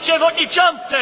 przewodniczący!